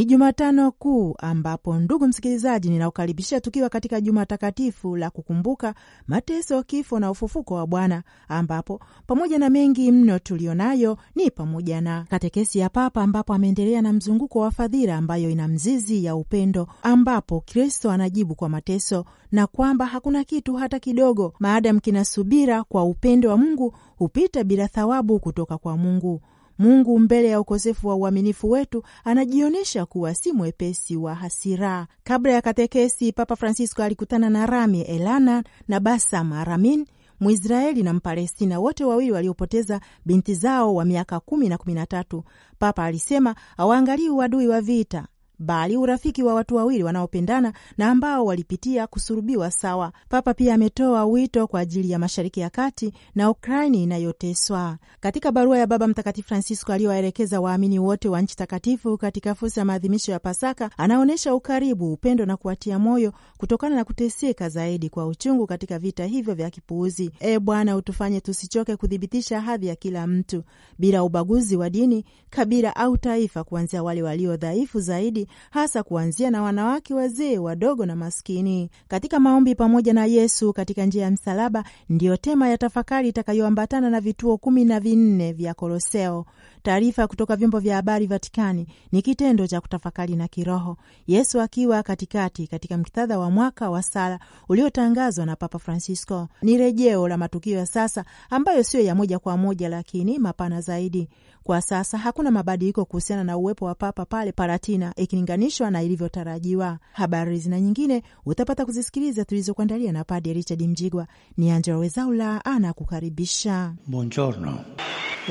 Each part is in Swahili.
Ni Jumatano Kuu, ambapo ndugu msikilizaji, ninaukaribisha tukiwa katika juma takatifu la kukumbuka mateso, kifo na ufufuko wa Bwana, ambapo pamoja na mengi mno tulionayo ni pamoja na katekesi ya Papa, ambapo ameendelea na mzunguko wa fadhila ambayo ina mzizi ya upendo, ambapo Kristo anajibu kwa mateso na kwamba hakuna kitu hata kidogo maadamu kinasubira kwa upendo wa Mungu hupita bila thawabu kutoka kwa Mungu. Mungu mbele ya ukosefu wa uaminifu wetu anajionyesha kuwa si mwepesi wa hasira. Kabla ya katekesi, Papa Francisco alikutana na Rami Elana na Basam Aramin, Mwisraeli na Mpalestina, wote wawili waliopoteza binti zao wa miaka kumi na kumi na tatu. Papa alisema hawaangalii uadui wa vita, bali urafiki wa watu wawili wanaopendana na ambao walipitia kusurubiwa sawa. Papa pia ametoa wito kwa ajili ya Mashariki ya Kati na Ukraini inayoteswa. Katika barua ya Baba Mtakatifu Francisco aliyowaelekeza waamini wote wa nchi takatifu katika fursa ya maadhimisho ya Pasaka, anaonyesha ukaribu, upendo na kuwatia moyo kutokana na kuteseka zaidi kwa uchungu katika vita hivyo vya kipuuzi. E Bwana, utufanye tusichoke kuthibitisha hadhi ya kila mtu bila ubaguzi wa dini, kabila au taifa, kuanzia wale walio dhaifu zaidi hasa kuanzia na wanawake, wazee, wadogo na maskini. Katika maombi pamoja na Yesu katika njia ya msalaba ndiyo tema ya tafakari itakayoambatana na vituo kumi na vinne vya Koloseo taarifa kutoka vyombo vya habari Vatikani ni kitendo cha kutafakari na kiroho. Yesu akiwa katikati katika muktadha wa mwaka wa sala uliotangazwa na Papa Francisco ni rejeo la matukio ya sasa ambayo siyo ya moja kwa moja, lakini mapana zaidi. Kwa sasa hakuna mabadiliko kuhusiana na uwepo wa Papa pale Palatina ikilinganishwa na ilivyotarajiwa. Habari zina nyingine utapata kuzisikiliza tulizokuandalia na Padre Richard Mjigwa. Ni Angela Wezaula anakukaribisha. Buongiorno.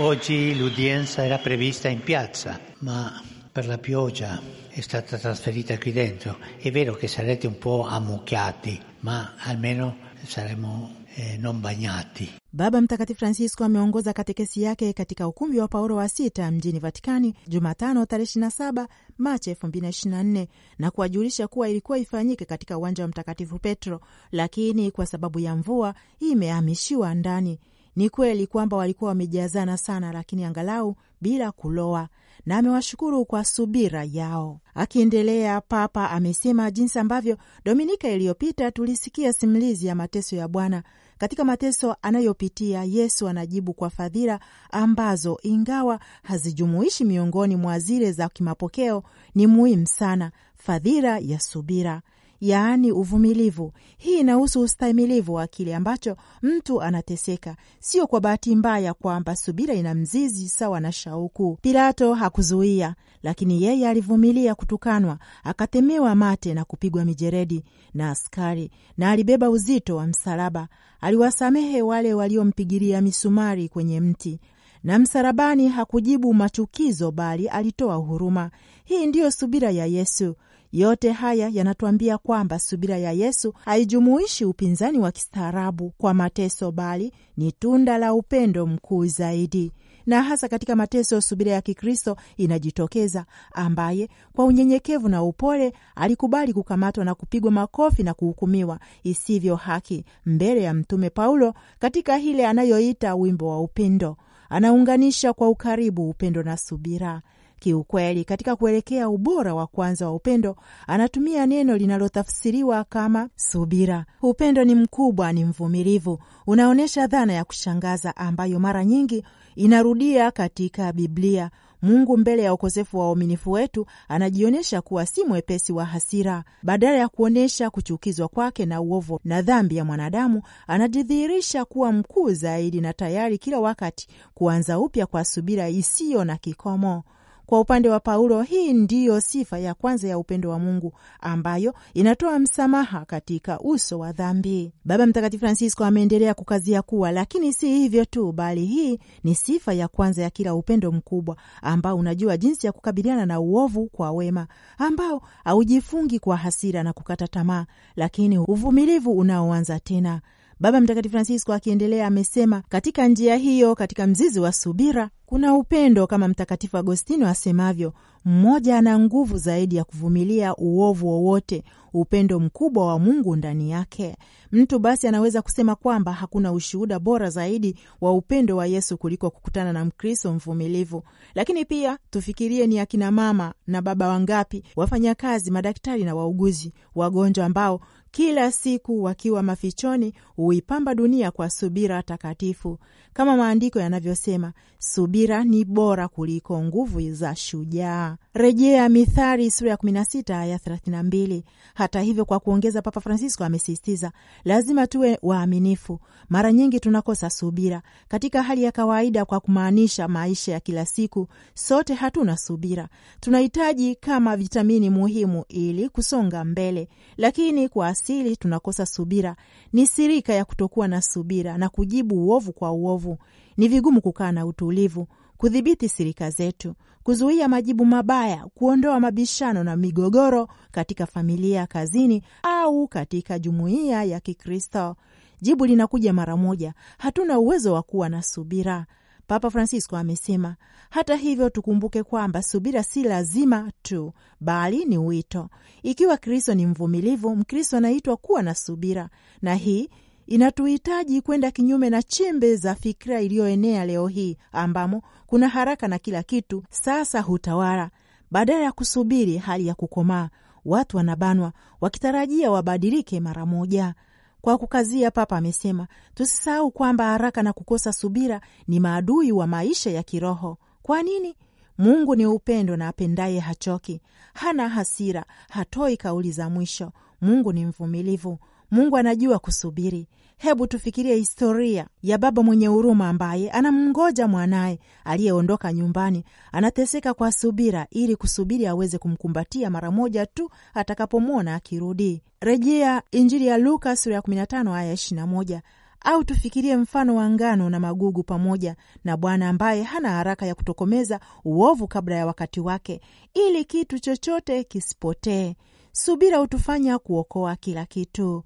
Oggi l'udienza era prevista in piazza, ma per la pioggia è stata trasferita qui dentro. È vero che sarete un po' ammucchiati, ma almeno saremo eh, non bagnati. Baba Mtakatifu Francisco ameongoza katekesi yake katika ukumbi wa Paulo wa sita mjini Vatikani Jumatano tarehe 27 Machi 2024 na kuwajulisha kuwa ilikuwa ifanyike katika uwanja wa Mtakatifu Petro, lakini kwa sababu ya mvua imehamishiwa ndani. Ni kweli kwamba walikuwa wamejazana sana, lakini angalau bila kuloa, na amewashukuru kwa subira yao. Akiendelea, Papa amesema jinsi ambavyo Dominika iliyopita tulisikia simulizi ya mateso ya Bwana. Katika mateso anayopitia Yesu anajibu kwa fadhila ambazo ingawa hazijumuishi miongoni mwa zile za kimapokeo, ni muhimu sana: fadhila ya subira yaani uvumilivu. Hii inahusu ustahimilivu wa kile ambacho mtu anateseka, sio kwa bahati mbaya kwamba subira ina mzizi sawa na shauku. Pilato hakuzuia, lakini yeye alivumilia kutukanwa, akatemewa mate na kupigwa mijeredi na askari, na alibeba uzito wa msalaba. Aliwasamehe wale waliompigilia misumari kwenye mti na msalabani hakujibu machukizo, bali alitoa huruma. Hii ndiyo subira ya Yesu. Yote haya yanatuambia kwamba subira ya Yesu haijumuishi upinzani wa kistaarabu kwa mateso, bali ni tunda la upendo mkuu zaidi. Na hasa katika mateso, subira ya Kikristo inajitokeza, ambaye kwa unyenyekevu na upole alikubali kukamatwa na kupigwa makofi na kuhukumiwa isivyo haki mbele ya Mtume Paulo katika ile anayoita wimbo wa upendo anaunganisha kwa ukaribu upendo na subira. Kiukweli, katika kuelekea ubora wa kwanza wa upendo, anatumia neno linalotafsiriwa kama subira. Upendo ni mkubwa, ni mvumilivu, unaonyesha dhana ya kushangaza ambayo mara nyingi inarudia katika Biblia. Mungu mbele ya ukosefu wa waaminifu wetu anajionyesha kuwa si mwepesi wa hasira. Badala ya kuonyesha kuchukizwa kwake na uovu na dhambi ya mwanadamu, anajidhihirisha kuwa mkuu zaidi na tayari kila wakati kuanza upya kwa subira isiyo na kikomo. Kwa upande wa Paulo, hii ndiyo sifa ya kwanza ya upendo wa Mungu ambayo inatoa msamaha katika uso wa dhambi. Baba Mtakatifu Francisco ameendelea kukazia kuwa, lakini si hivyo tu, bali hii ni sifa ya kwanza ya kila upendo mkubwa ambao unajua jinsi ya kukabiliana na uovu kwa wema, ambao haujifungi kwa hasira na kukata tamaa, lakini uvumilivu unaoanza tena Baba Mtakatifu Francisco akiendelea amesema, katika njia hiyo, katika mzizi wa subira kuna upendo, kama Mtakatifu Agostino asemavyo mmoja ana nguvu zaidi ya kuvumilia uovu wowote, upendo mkubwa wa Mungu ndani yake. Mtu basi anaweza kusema kwamba hakuna ushuhuda bora zaidi wa upendo wa Yesu kuliko kukutana na Mkristo mvumilivu. Lakini pia tufikirie, ni akina mama na baba wangapi, wafanyakazi, madaktari na wauguzi, wagonjwa ambao kila siku wakiwa mafichoni huipamba dunia kwa subira takatifu, kama maandiko yanavyosema, subira ni bora kuliko nguvu za shujaa rejea Mithali sura ya 16 aya 32. Hata hivyo, kwa kuongeza, Papa Francisco amesisitiza lazima tuwe waaminifu. Mara nyingi tunakosa subira katika hali ya kawaida, kwa kumaanisha maisha ya kila siku. Sote hatuna subira, tunahitaji kama vitamini muhimu ili kusonga mbele, lakini kwa asili tunakosa subira. Ni sirika ya kutokuwa na subira na kujibu uovu kwa uovu. Ni vigumu kukaa na utulivu kudhibiti sirika zetu, kuzuia majibu mabaya, kuondoa mabishano na migogoro katika familia, kazini au katika jumuiya ya Kikristo. Jibu linakuja mara moja: hatuna uwezo wa kuwa na subira. Papa Francisco amesema. Hata hivyo, tukumbuke kwamba subira si lazima tu, bali ni wito. Ikiwa Kristo ni mvumilivu, Mkristo anaitwa kuwa na subira, na hii inatuhitaji kwenda kinyume na chembe za fikira iliyoenea leo hii ambamo kuna haraka na kila kitu sasa hutawala. Badala ya kusubiri hali ya kukomaa, watu wanabanwa wakitarajia wabadilike mara moja. Kwa kukazia, Papa amesema tusisahau kwamba haraka na kukosa subira ni maadui wa maisha ya kiroho. Kwa nini? Mungu ni upendo na apendaye hachoki, hana hasira, hatoi kauli za mwisho. Mungu ni mvumilivu. Mungu anajua kusubiri. Hebu tufikirie historia ya baba mwenye huruma ambaye anamngoja mwanaye aliyeondoka nyumbani, anateseka kwa subira ili kusubiri aweze kumkumbatia mara moja tu atakapomwona akirudi. Rejea Injili ya Luka sura ya 15 aya 21. Au tufikirie mfano wa ngano na magugu pamoja na Bwana ambaye hana haraka ya kutokomeza uovu kabla ya wakati wake, ili kitu chochote kisipotee. Subira hutufanya kuokoa kila kitu.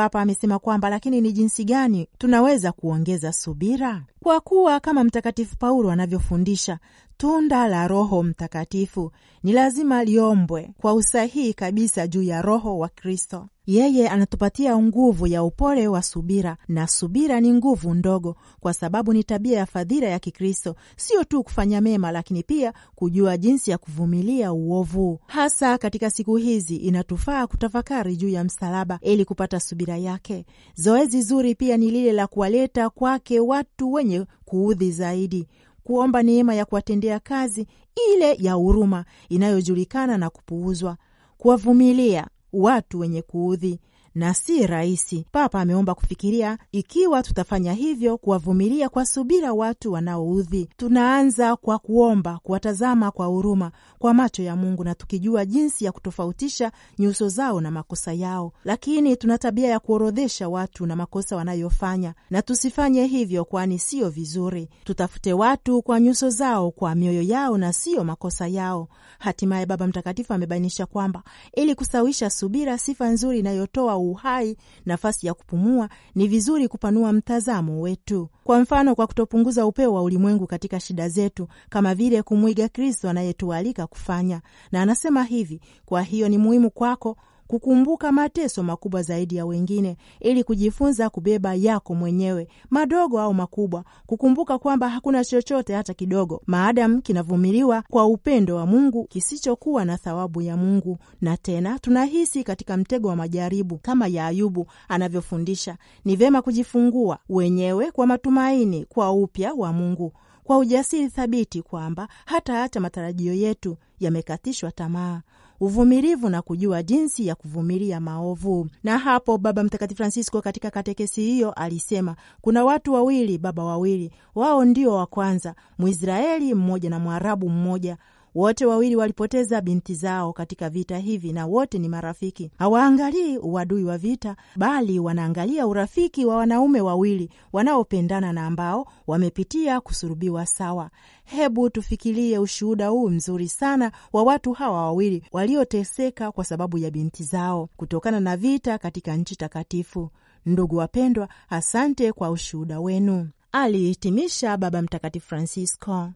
Papa amesema kwamba lakini ni jinsi gani tunaweza kuongeza subira? Kwa kuwa kama Mtakatifu Paulo anavyofundisha, tunda la Roho Mtakatifu ni lazima liombwe kwa usahihi kabisa juu ya Roho wa Kristo. Yeye anatupatia nguvu ya upole wa subira, na subira ni nguvu ndogo, kwa sababu ni tabia ya fadhila ya Kikristo, sio tu kufanya mema, lakini pia kujua jinsi ya kuvumilia uovu. Hasa katika siku hizi, inatufaa kutafakari juu ya msalaba ili kupata subira yake. Zoezi zuri pia ni lile la kuwaleta kwake watu wenye kuudhi zaidi, kuomba neema ya kuwatendea kazi ile ya huruma inayojulikana na kupuuzwa, kuwavumilia watu wenye kuudhi, na si rahisi. Papa ameomba kufikiria ikiwa tutafanya hivyo, kuwavumilia kwa subira watu wanaoudhi. Tunaanza kwa kuomba, kuwatazama kwa huruma, kwa macho ya Mungu, na tukijua jinsi ya kutofautisha nyuso zao na makosa yao. Lakini tuna tabia ya kuorodhesha watu na makosa wanayofanya, na tusifanye hivyo, kwani sio vizuri. Tutafute watu kwa nyuso zao, kwa mioyo yao, na sio makosa yao. Hatimaye Baba Mtakatifu amebainisha kwamba ili kusawisha subira, sifa nzuri inayotoa uhai nafasi ya kupumua, ni vizuri kupanua mtazamo wetu, kwa mfano kwa kutopunguza upeo wa ulimwengu katika shida zetu, kama vile kumwiga Kristo anayetualika kufanya. Na anasema hivi: kwa hiyo ni muhimu kwako kukumbuka mateso makubwa zaidi ya wengine, ili kujifunza kubeba yako mwenyewe, madogo au makubwa, kukumbuka kwamba hakuna chochote hata kidogo, maadamu kinavumiliwa kwa upendo wa Mungu, kisichokuwa na thawabu ya Mungu. Na tena tunahisi katika mtego wa majaribu, kama ya Ayubu anavyofundisha, ni vema kujifungua wenyewe kwa matumaini, kwa upya wa Mungu kwa ujasiri thabiti kwamba hata hata matarajio yetu yamekatishwa tamaa, uvumilivu na kujua jinsi ya kuvumilia maovu. Na hapo Baba Mtakatifu Francisco katika katekesi hiyo alisema kuna watu wawili, baba wawili, wao ndio wa kwanza, Mwisraeli mmoja na Mwarabu mmoja wote wawili walipoteza binti zao katika vita hivi, na wote ni marafiki. Hawaangalii uadui wa vita, bali wanaangalia urafiki wa wanaume wawili wanaopendana na ambao wamepitia kusurubiwa sawa. Hebu tufikirie ushuhuda huu mzuri sana wa watu hawa wawili walioteseka kwa sababu ya binti zao kutokana na vita katika nchi takatifu. Ndugu wapendwa, asante kwa ushuhuda wenu, alihitimisha Baba Mtakatifu Francisco.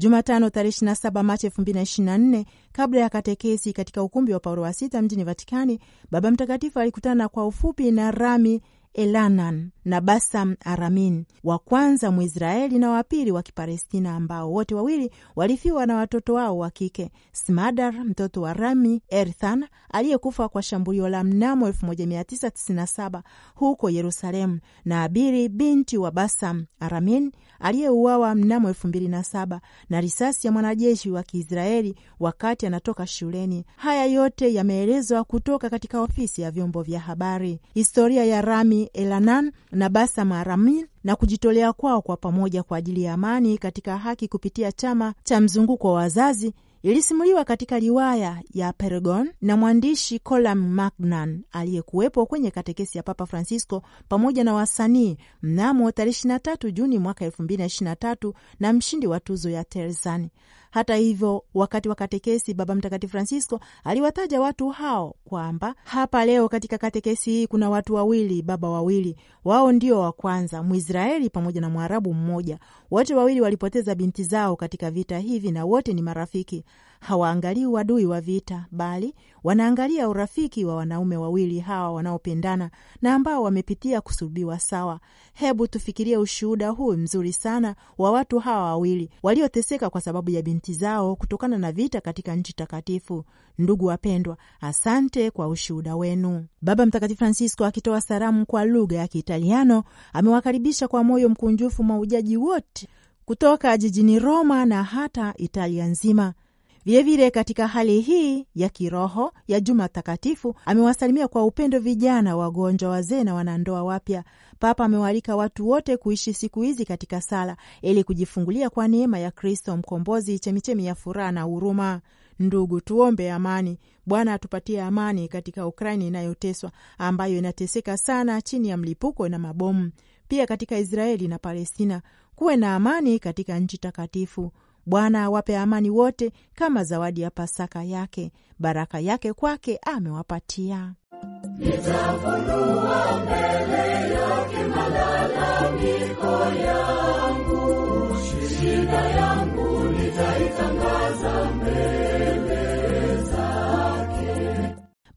Jumatano tarehe 27 Machi 2024, kabla ya katekesi katika ukumbi wa Paulo wa sita mjini Vatikani, Baba Mtakatifu alikutana kwa ufupi na Rami Elanan na Basam Aramin, wa kwanza Mwisraeli na wa pili wa Kipalestina, ambao wote wawili walifiwa na watoto wao wa kike, Smadar mtoto wa Rami Erthan aliyekufa kwa shambulio la mnamo 1997 huko Yerusalemu, na Abiri binti wa Basam Aramin aliyeuawa mnamo 2007 na risasi ya mwanajeshi wa Kiisraeli wakati anatoka shuleni. Haya yote yameelezwa kutoka katika ofisi ya vyombo vya habari. Historia ya Rami Elanan na basa maramin na kujitolea kwao kwa pamoja kwa ajili ya amani katika haki kupitia chama cha mzunguko wa wazazi ilisimuliwa katika riwaya ya Peregon na mwandishi Colum magnan aliyekuwepo kwenye katekesi ya Papa Francisco pamoja na wasanii mnamo tarehe 23 Juni mwaka 2023 na mshindi wa tuzo ya Terzani. Hata hivyo, wakati wa katekesi, Baba Mtakatifu Francisco aliwataja watu hao kwamba hapa leo katika katekesi hii kuna watu wawili, baba wawili, wao ndio wa kwanza, Mwisraeli pamoja na Mwarabu mmoja. Wote wawili walipoteza binti zao katika vita hivi, na wote ni marafiki hawaangalii uadui wa vita, bali wanaangalia urafiki wa wanaume wawili hawa wanaopendana na ambao wamepitia kusulubiwa sawa. Hebu tufikirie ushuhuda huu mzuri sana wa watu hawa wawili walioteseka kwa sababu ya binti zao kutokana na vita katika nchi takatifu. Ndugu wapendwa, asante kwa ushuhuda wenu. Baba Mtakatifu Francisco akitoa salamu kwa lugha ya Kiitaliano amewakaribisha kwa moyo mkunjufu maujaji wote kutoka jijini Roma na hata Italia nzima. Vilevile, katika hali hii ya kiroho ya Juma Takatifu amewasalimia kwa upendo vijana, wagonjwa, wazee na wanandoa wapya. Papa amewaalika watu wote kuishi siku hizi katika sala ili kujifungulia kwa neema ya Kristo Mkombozi, chemichemi ya furaha na huruma. Ndugu, tuombe amani. Bwana atupatie amani katika Ukraini inayoteswa ambayo inateseka sana chini ya mlipuko na mabomu, pia katika Israeli na Palestina. Kuwe na amani katika nchi takatifu. Bwana awape amani wote kama zawadi ya Pasaka yake, baraka yake kwake amewapatia. Nitafunua mbele yake malalamiko yangu, shida yangu nitaitangaza mbele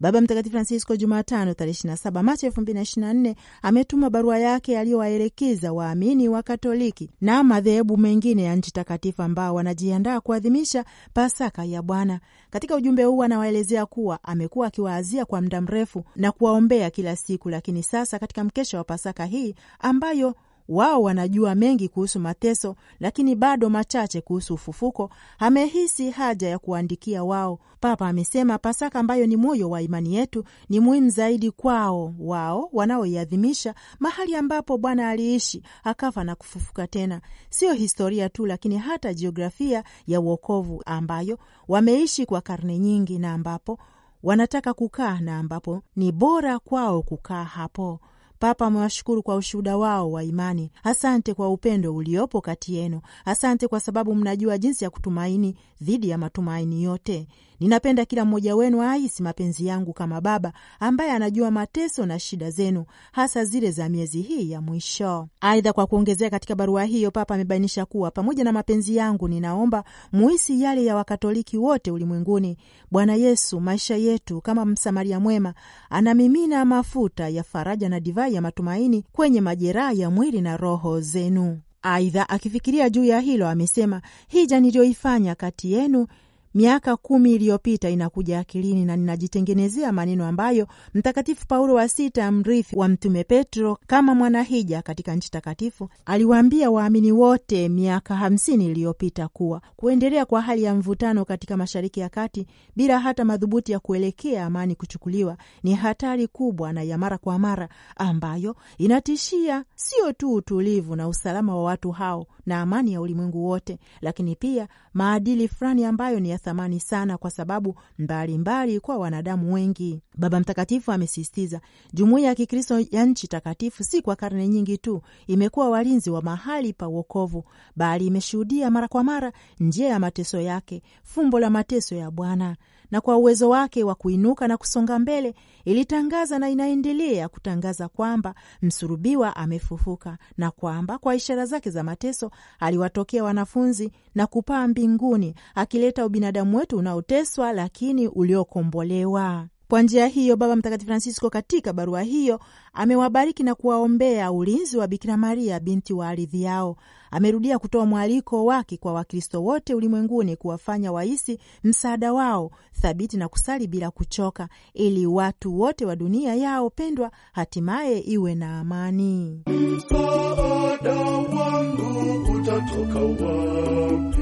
Baba Mtakatifu Francisco Jumatano tarehe 27 Machi 2024 ametuma barua yake aliyowaelekeza waamini wa Katoliki na madhehebu mengine ya nchi takatifu ambao wanajiandaa kuadhimisha Pasaka ya Bwana. Katika ujumbe huu anawaelezea kuwa amekuwa akiwaazia kwa muda mrefu na kuwaombea kila siku, lakini sasa katika mkesha wa Pasaka hii ambayo wao wanajua mengi kuhusu mateso, lakini bado machache kuhusu ufufuko. Amehisi haja ya kuwaandikia wao. Papa amesema Pasaka, ambayo ni moyo wa imani yetu, ni muhimu zaidi kwao wao wanaoiadhimisha, mahali ambapo Bwana aliishi, akafa na kufufuka tena. Sio historia tu, lakini hata jiografia ya uokovu ambayo wameishi kwa karne nyingi na ambapo wanataka kukaa na ambapo ni bora kwao kukaa hapo. Papa amewashukuru kwa ushuhuda wao wa imani. Asante kwa upendo uliopo kati yenu. Asante kwa sababu mnajua jinsi ya kutumaini dhidi ya matumaini yote. Ninapenda kila mmoja wenu ahisi mapenzi yangu kama Baba ambaye anajua mateso na shida zenu, hasa zile za miezi hii ya mwisho. Aidha, kwa kuongezea katika barua hiyo, Papa amebainisha kuwa pamoja na mapenzi yangu, ninaomba muhisi yale ya Wakatoliki wote ulimwenguni. Bwana Yesu, maisha yetu kama Msamaria mwema, anamimina mafuta ya faraja na divai ya matumaini kwenye majeraha ya mwili na roho zenu. Aidha, akifikiria juu ya hilo amesema, hija niliyoifanya kati yenu miaka kumi iliyopita inakuja akilini na ninajitengenezea maneno ambayo Mtakatifu Paulo wa Sita, mrithi wa Mtume Petro kama mwanahija katika nchi takatifu, aliwaambia waamini wote miaka hamsini iliyopita kuwa kuendelea kwa hali ya mvutano katika Mashariki ya Kati bila hata madhubuti ya kuelekea amani kuchukuliwa ni hatari kubwa na ya mara kwa mara ambayo inatishia sio tu utulivu na usalama wa watu hao na amani ya ulimwengu wote, lakini pia maadili fulani ambayo ni thamani sana kwa sababu mbalimbali mbali kwa wanadamu wengi. Baba Mtakatifu amesisitiza, jumuiya ya Kikristo ya nchi takatifu si kwa karne nyingi tu imekuwa walinzi wa mahali pa uokovu, bali imeshuhudia mara kwa mara njia ya mateso yake, fumbo la mateso ya Bwana na kwa uwezo wake wa kuinuka na kusonga mbele, ilitangaza na inaendelea kutangaza kwamba msurubiwa amefufuka na kwamba kwa ishara zake za mateso aliwatokea wanafunzi na kupaa mbinguni, akileta ubinadamu wetu unaoteswa lakini uliokombolewa. Kwa njia hiyo, Baba Mtakatifu Francisco katika barua hiyo amewabariki na kuwaombea ulinzi wa Bikira Maria, binti wa ardhi yao. Amerudia kutoa mwaliko wake kwa Wakristo wote ulimwenguni kuwafanya wahisi msaada wao thabiti na kusali bila kuchoka, ili watu wote wa dunia yao pendwa hatimaye iwe na amani. Msaada wangu utatoka wapi?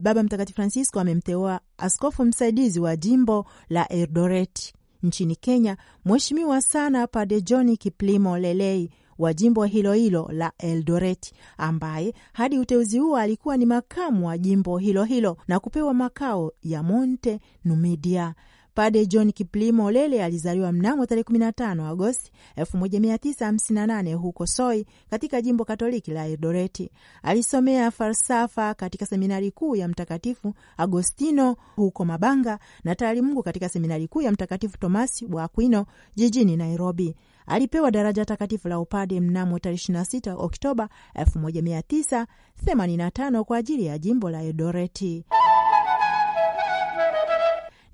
Baba Mtakatifu Francisco amemteua askofu msaidizi wa jimbo la Erdoret nchini Kenya, Mheshimiwa sana Pade John Kiplimo Lelei wa jimbo hilo hilo la Eldoret ambaye hadi uteuzi huo alikuwa ni makamu wa jimbo hilo hilo na kupewa makao ya Monte Numidia pade John Kiplimo Lele alizaliwa mnamo tarehe 15 Agosti 1958 huko Soi katika jimbo Katoliki la Eldoreti. Alisomea falsafa katika seminari kuu ya Mtakatifu Agostino huko Mabanga na taalimungu katika seminari kuu ya Mtakatifu Tomasi wa Aquino jijini Nairobi. Alipewa daraja takatifu la upade mnamo tarehe 26 Oktoba 1985 kwa ajili ya jimbo la Eldoreti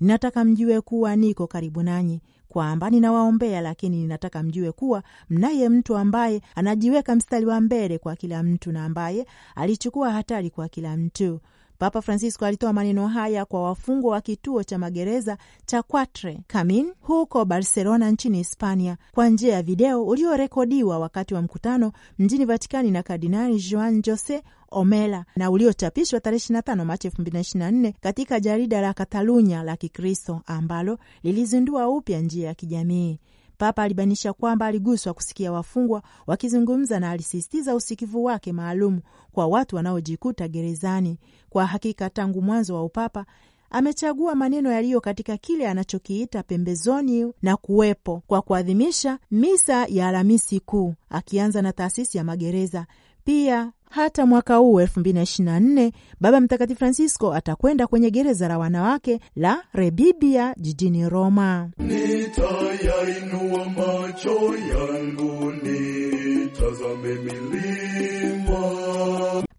ninataka mjue kuwa niko karibu nanyi, kwamba ninawaombea, lakini ninataka mjue kuwa mnaye mtu ambaye anajiweka mstari wa mbele kwa kila mtu na ambaye alichukua hatari kwa kila mtu, Papa Francisco alitoa maneno haya kwa wafungwa wa kituo cha magereza cha Quatre camin huko Barcelona nchini Hispania kwa njia ya video uliorekodiwa wakati wa mkutano mjini Vatikani na Kardinali Juan Jose Omela na uliochapishwa tarehe 25 Machi 2024 katika jarida la Katalunya la Kikristo ambalo lilizindua upya njia ya kijamii. Papa alibainisha kwamba aliguswa kusikia wafungwa wakizungumza na alisisitiza usikivu wake maalum kwa watu wanaojikuta gerezani. Kwa hakika tangu mwanzo wa upapa amechagua maneno yaliyo katika kile anachokiita pembezoni na kuwepo kwa kuadhimisha misa ya Alhamisi Kuu, akianza na taasisi ya magereza. Pia hata mwaka huu 2024 Baba Mtakatifu Francisco atakwenda kwenye gereza la wanawake la rebibia jijini Roma. Nitayainua macho yangu nitazame milima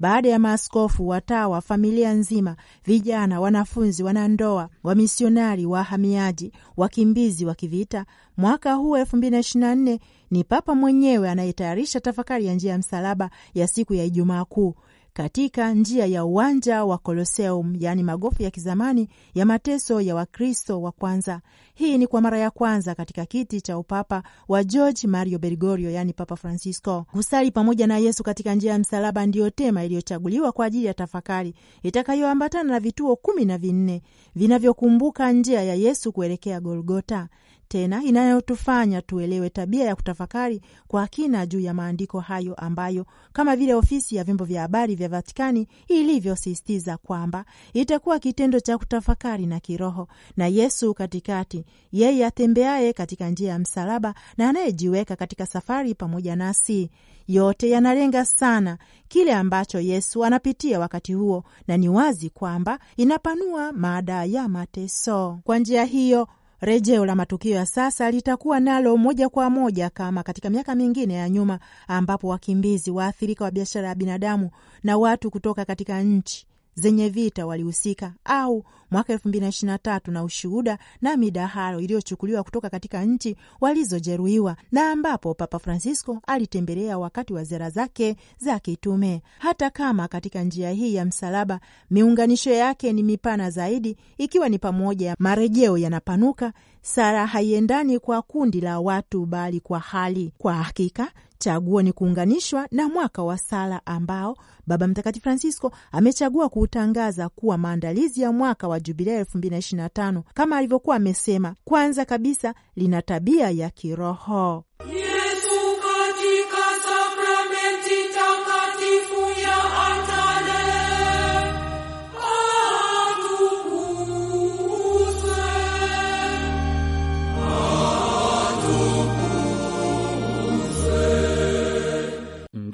baada ya maaskofu, watawa, familia nzima, vijana, wanafunzi, wanandoa, wamisionari, wahamiaji, wakimbizi wa kivita, mwaka huu 2024 ni Papa mwenyewe anayetayarisha tafakari ya njia ya msalaba ya siku ya Ijumaa Kuu katika njia ya uwanja wa Koloseum, yaani magofu ya kizamani ya mateso ya Wakristo wa kwanza. Hii ni kwa mara ya kwanza katika kiti cha upapa wa George Mario Bergoglio, yaani Papa Francisco. Kusali pamoja na Yesu katika njia ya msalaba ndiyo tema iliyochaguliwa kwa ajili ya tafakari itakayoambatana na vituo kumi na vinne vinavyokumbuka njia ya Yesu kuelekea Golgota tena inayotufanya tuelewe tabia ya kutafakari kwa kina juu ya maandiko hayo ambayo kama vile ofisi ya vyombo vya habari vya Vatikani ilivyosisitiza kwamba itakuwa kitendo cha kutafakari na kiroho na Yesu katikati, yeye atembeaye katika njia ya msalaba na anayejiweka katika safari pamoja nasi. Yote yanalenga sana kile ambacho Yesu anapitia wakati huo, na ni wazi kwamba inapanua mada ya mateso. Kwa njia hiyo Rejeo la matukio ya sasa litakuwa nalo moja kwa moja kama katika miaka mingine ya nyuma, ambapo wakimbizi, waathirika wa biashara ya binadamu na watu kutoka katika nchi zenye vita walihusika au mwaka elfu mbili na ishirini na tatu na ushuhuda na midaharo iliyochukuliwa kutoka katika nchi walizojeruhiwa na ambapo Papa Francisco alitembelea wakati wa ziara zake za kitume. Hata kama katika njia hii ya msalaba miunganisho yake ni mipana zaidi, ikiwa ni pamoja ya marejeo yanapanuka, sara haiendani kwa kundi la watu, bali kwa hali. Kwa hakika chaguo ni kuunganishwa na mwaka wa sala ambao Baba Mtakatifu Francisco amechagua kuutangaza kuwa maandalizi ya mwaka wa Jubilea 2025 kama alivyokuwa amesema, kwanza kabisa lina tabia ya kiroho.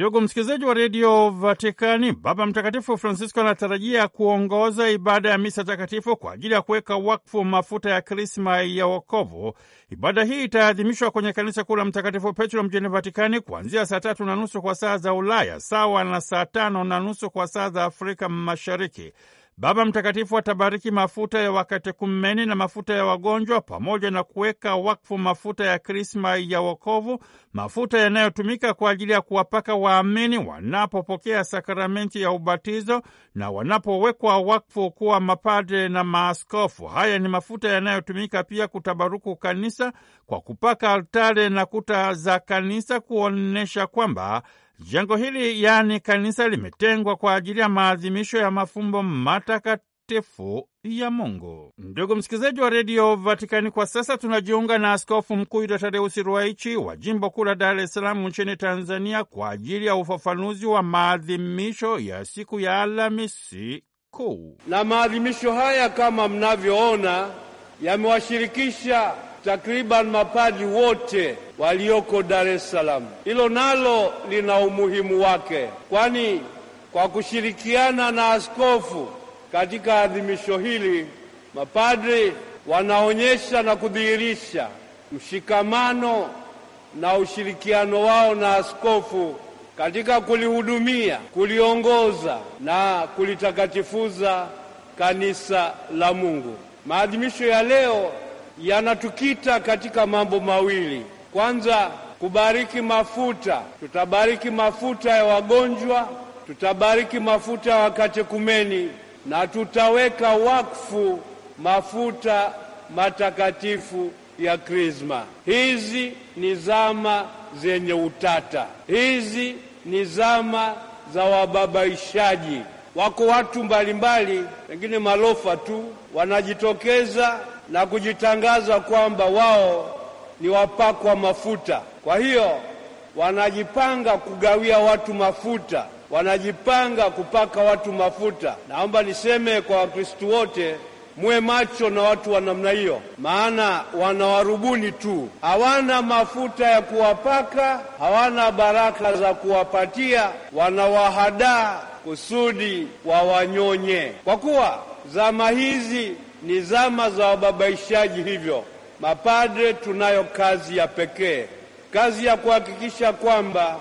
Ndugu msikilizaji wa redio Vatikani, Baba Mtakatifu Francisco anatarajia kuongoza ibada ya misa takatifu kwa ajili ya kuweka wakfu mafuta ya krisma ya wokovu. Ibada hii itaadhimishwa kwenye kanisa kuu la Mtakatifu Petro mjini Vatikani kuanzia saa tatu na nusu kwa saa za Ulaya, sawa na saa tano na nusu kwa saa za Afrika Mashariki. Baba Mtakatifu atabariki mafuta ya wakatekumeni na mafuta ya wagonjwa pamoja na kuweka wakfu mafuta ya krisma ya wokovu, mafuta yanayotumika kwa ajili ya kuwapaka waamini wanapopokea sakramenti ya ubatizo na wanapowekwa wakfu kuwa mapadre na maaskofu. Haya ni mafuta yanayotumika pia kutabaruku kanisa kwa kupaka altare na kuta za kanisa, kuonyesha kwamba Jengo hili yaani kanisa limetengwa kwa ajili ya maadhimisho ya mafumbo matakatifu ya Mungu. Ndugu msikilizaji wa redio Vatikani, kwa sasa tunajiunga na Askofu Mkuu Yuda Tadeusi Ruwaichi wa jimbo kuu la Dar es Salaam nchini Tanzania kwa ajili ya ufafanuzi wa maadhimisho ya siku ya Alhamisi Kuu. Na maadhimisho haya kama mnavyoona yamewashirikisha takriban mapadri wote walioko Dar es Salaam. Hilo nalo lina umuhimu wake, kwani kwa kushirikiana na askofu katika adhimisho hili mapadri wanaonyesha na kudhihirisha mshikamano na ushirikiano wao na askofu katika kulihudumia, kuliongoza na kulitakatifuza kanisa la Mungu. Maadhimisho ya leo yanatukita katika mambo mawili. Kwanza, kubariki mafuta. Tutabariki mafuta ya wagonjwa, tutabariki mafuta ya wakatekumeni na tutaweka wakfu mafuta matakatifu ya Krisma. Hizi ni zama zenye utata, hizi ni zama za wababaishaji. Wako watu mbalimbali, pengine malofa tu, wanajitokeza na kujitangaza kwamba wao ni wapakwa mafuta. Kwa hiyo wanajipanga kugawia watu mafuta, wanajipanga kupaka watu mafuta. Naomba niseme kwa Wakristo wote muwe macho na watu wa namna hiyo, maana wanawarubuni tu, hawana mafuta ya kuwapaka, hawana baraka za kuwapatia, wanawahadaa kusudi wawanyonye, kwa kuwa zama hizi ni zama za wababaishaji, hivyo mapadre tunayo kazi ya pekee, kazi ya kuhakikisha kwamba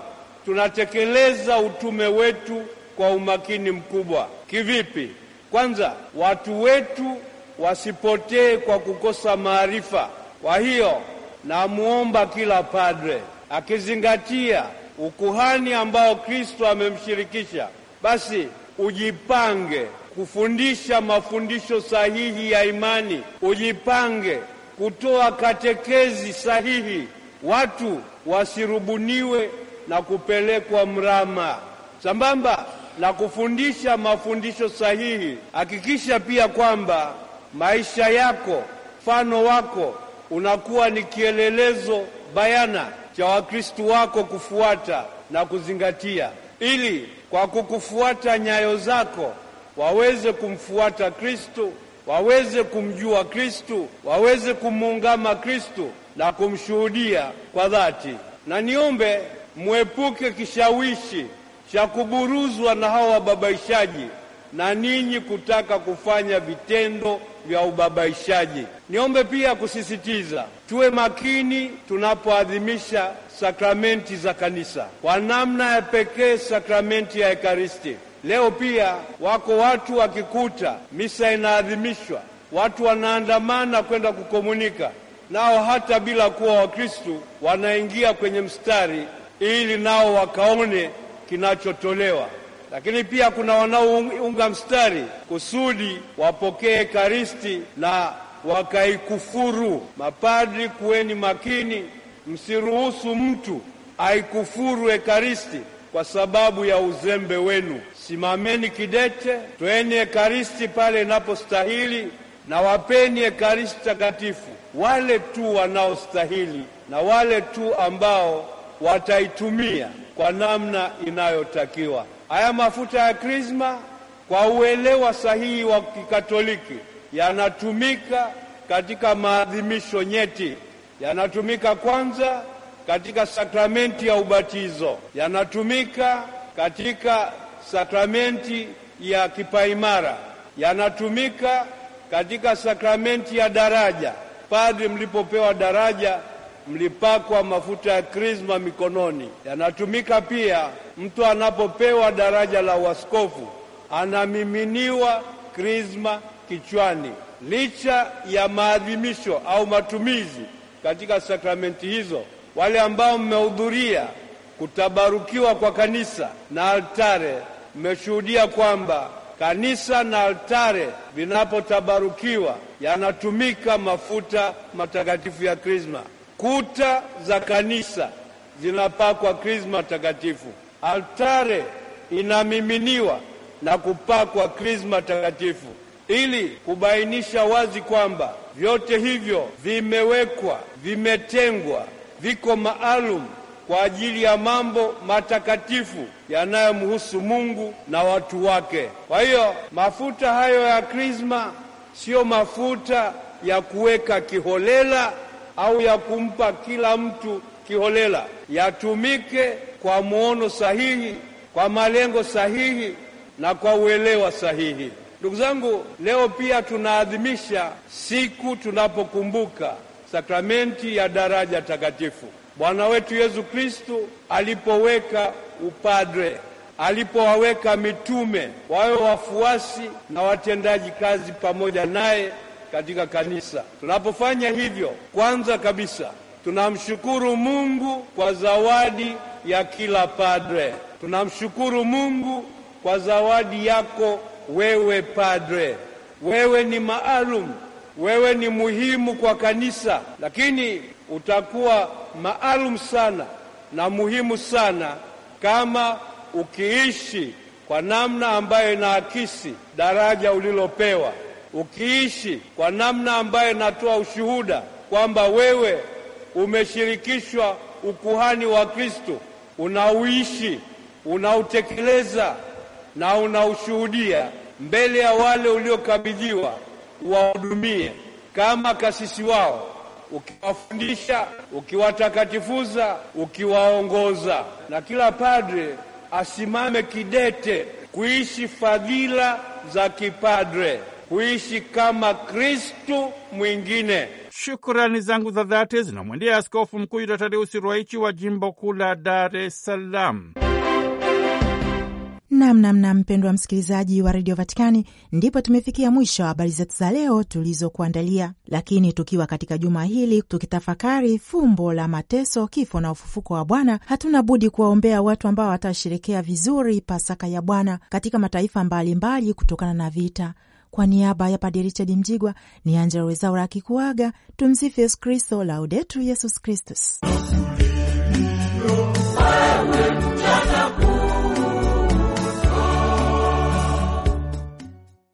tunatekeleza utume wetu kwa umakini mkubwa. Kivipi? Kwanza, watu wetu wasipotee kwa kukosa maarifa. Kwa hiyo namwomba kila padre akizingatia ukuhani ambao Kristo amemshirikisha, basi ujipange kufundisha mafundisho sahihi ya imani, ujipange kutoa katekezi sahihi, watu wasirubuniwe na kupelekwa mrama. Sambamba na kufundisha mafundisho sahihi, hakikisha pia kwamba maisha yako, mfano wako unakuwa ni kielelezo bayana cha Wakristo wako kufuata na kuzingatia, ili kwa kukufuata nyayo zako waweze kumfuata Kristo, waweze kumjua Kristo, waweze kumuungama Kristo na kumshuhudia kwa dhati. Na niombe mwepuke kishawishi cha kuburuzwa na hawa wababaishaji na ninyi kutaka kufanya vitendo vya ubabaishaji. Niombe pia kusisitiza tuwe makini tunapoadhimisha sakramenti za kanisa, kwa namna ya pekee sakramenti ya Ekaristi. Leo pia wako watu wakikuta misa inaadhimishwa, watu wanaandamana kwenda kukomunika, nao hata bila kuwa Wakristu wanaingia kwenye mstari ili nao wakaone kinachotolewa. Lakini pia kuna wanaounga mstari kusudi wapokee Ekaristi na wakaikufuru. Mapadri, kuweni makini, msiruhusu mtu aikufuru Ekaristi kwa sababu ya uzembe wenu simameni kidete, tweni Ekaristi pale inapostahili na wapeni Ekaristi takatifu wale tu wanaostahili na wale tu ambao wataitumia kwa namna inayotakiwa. Haya mafuta ya Krisma kwa uelewa sahihi wa Kikatoliki yanatumika katika maadhimisho nyeti, yanatumika kwanza katika sakramenti ya ubatizo, yanatumika katika sakramenti ya kipaimara yanatumika katika sakramenti ya daraja. Padri, mlipopewa daraja mlipakwa mafuta ya krisma mikononi. Yanatumika pia mtu anapopewa daraja la uaskofu anamiminiwa krisma kichwani. Licha ya maadhimisho au matumizi katika sakramenti hizo, wale ambao mmehudhuria kutabarukiwa kwa kanisa na altare, mmeshuhudia kwamba kanisa na altare vinapotabarukiwa yanatumika mafuta matakatifu ya krisma. Kuta za kanisa zinapakwa krisma takatifu, altare inamiminiwa na kupakwa krisma takatifu ili kubainisha wazi kwamba vyote hivyo vimewekwa, vimetengwa, viko maalum kwa ajili ya mambo matakatifu yanayomhusu Mungu na watu wake. Kwa hiyo mafuta hayo ya krisma siyo mafuta ya kuweka kiholela au ya kumpa kila mtu kiholela, yatumike kwa muono sahihi, kwa malengo sahihi na kwa uelewa sahihi. Ndugu zangu, leo pia tunaadhimisha siku tunapokumbuka sakramenti ya daraja takatifu. Bwana wetu Yesu Kristu alipoweka upadre, alipowaweka mitume wawe wafuasi na watendaji kazi pamoja naye katika kanisa. Tunapofanya hivyo, kwanza kabisa tunamshukuru Mungu kwa zawadi ya kila padre. Tunamshukuru Mungu kwa zawadi yako wewe padre. Wewe ni maalum, wewe ni muhimu kwa kanisa, lakini utakuwa maalum sana na muhimu sana kama ukiishi kwa namna ambayo inaakisi daraja ulilopewa, ukiishi kwa namna ambayo inatoa ushuhuda kwamba wewe umeshirikishwa ukuhani wa Kristo, unauishi, unautekeleza na unaushuhudia mbele ya wale uliokabidhiwa uwahudumie kama kasisi wao ukiwafundisha, ukiwatakatifuza, ukiwaongoza, na kila padre asimame kidete kuishi fadhila za kipadre, kuishi kama Kristu mwingine. Shukrani zangu za dhati zinamwendea Askofu Mkuu Yuda Tadeusi Ruwaichi wa jimbo kuu la Dar es Salaam. Namnamna mpendwa msikilizaji wa redio Vatikani, ndipo tumefikia mwisho wa habari zetu za leo tulizokuandalia. Lakini tukiwa katika juma hili tukitafakari fumbo la mateso, kifo na ufufuko wa Bwana, hatuna budi kuwaombea watu ambao watasherekea vizuri Pasaka ya Bwana katika mataifa mbalimbali mbali kutokana na vita. Kwa niaba ya Padre Richard Mjigwa ni Angela Wezaura akikuaga. Tumsifu Yesu Kristo, laudetu Yesus Kristus.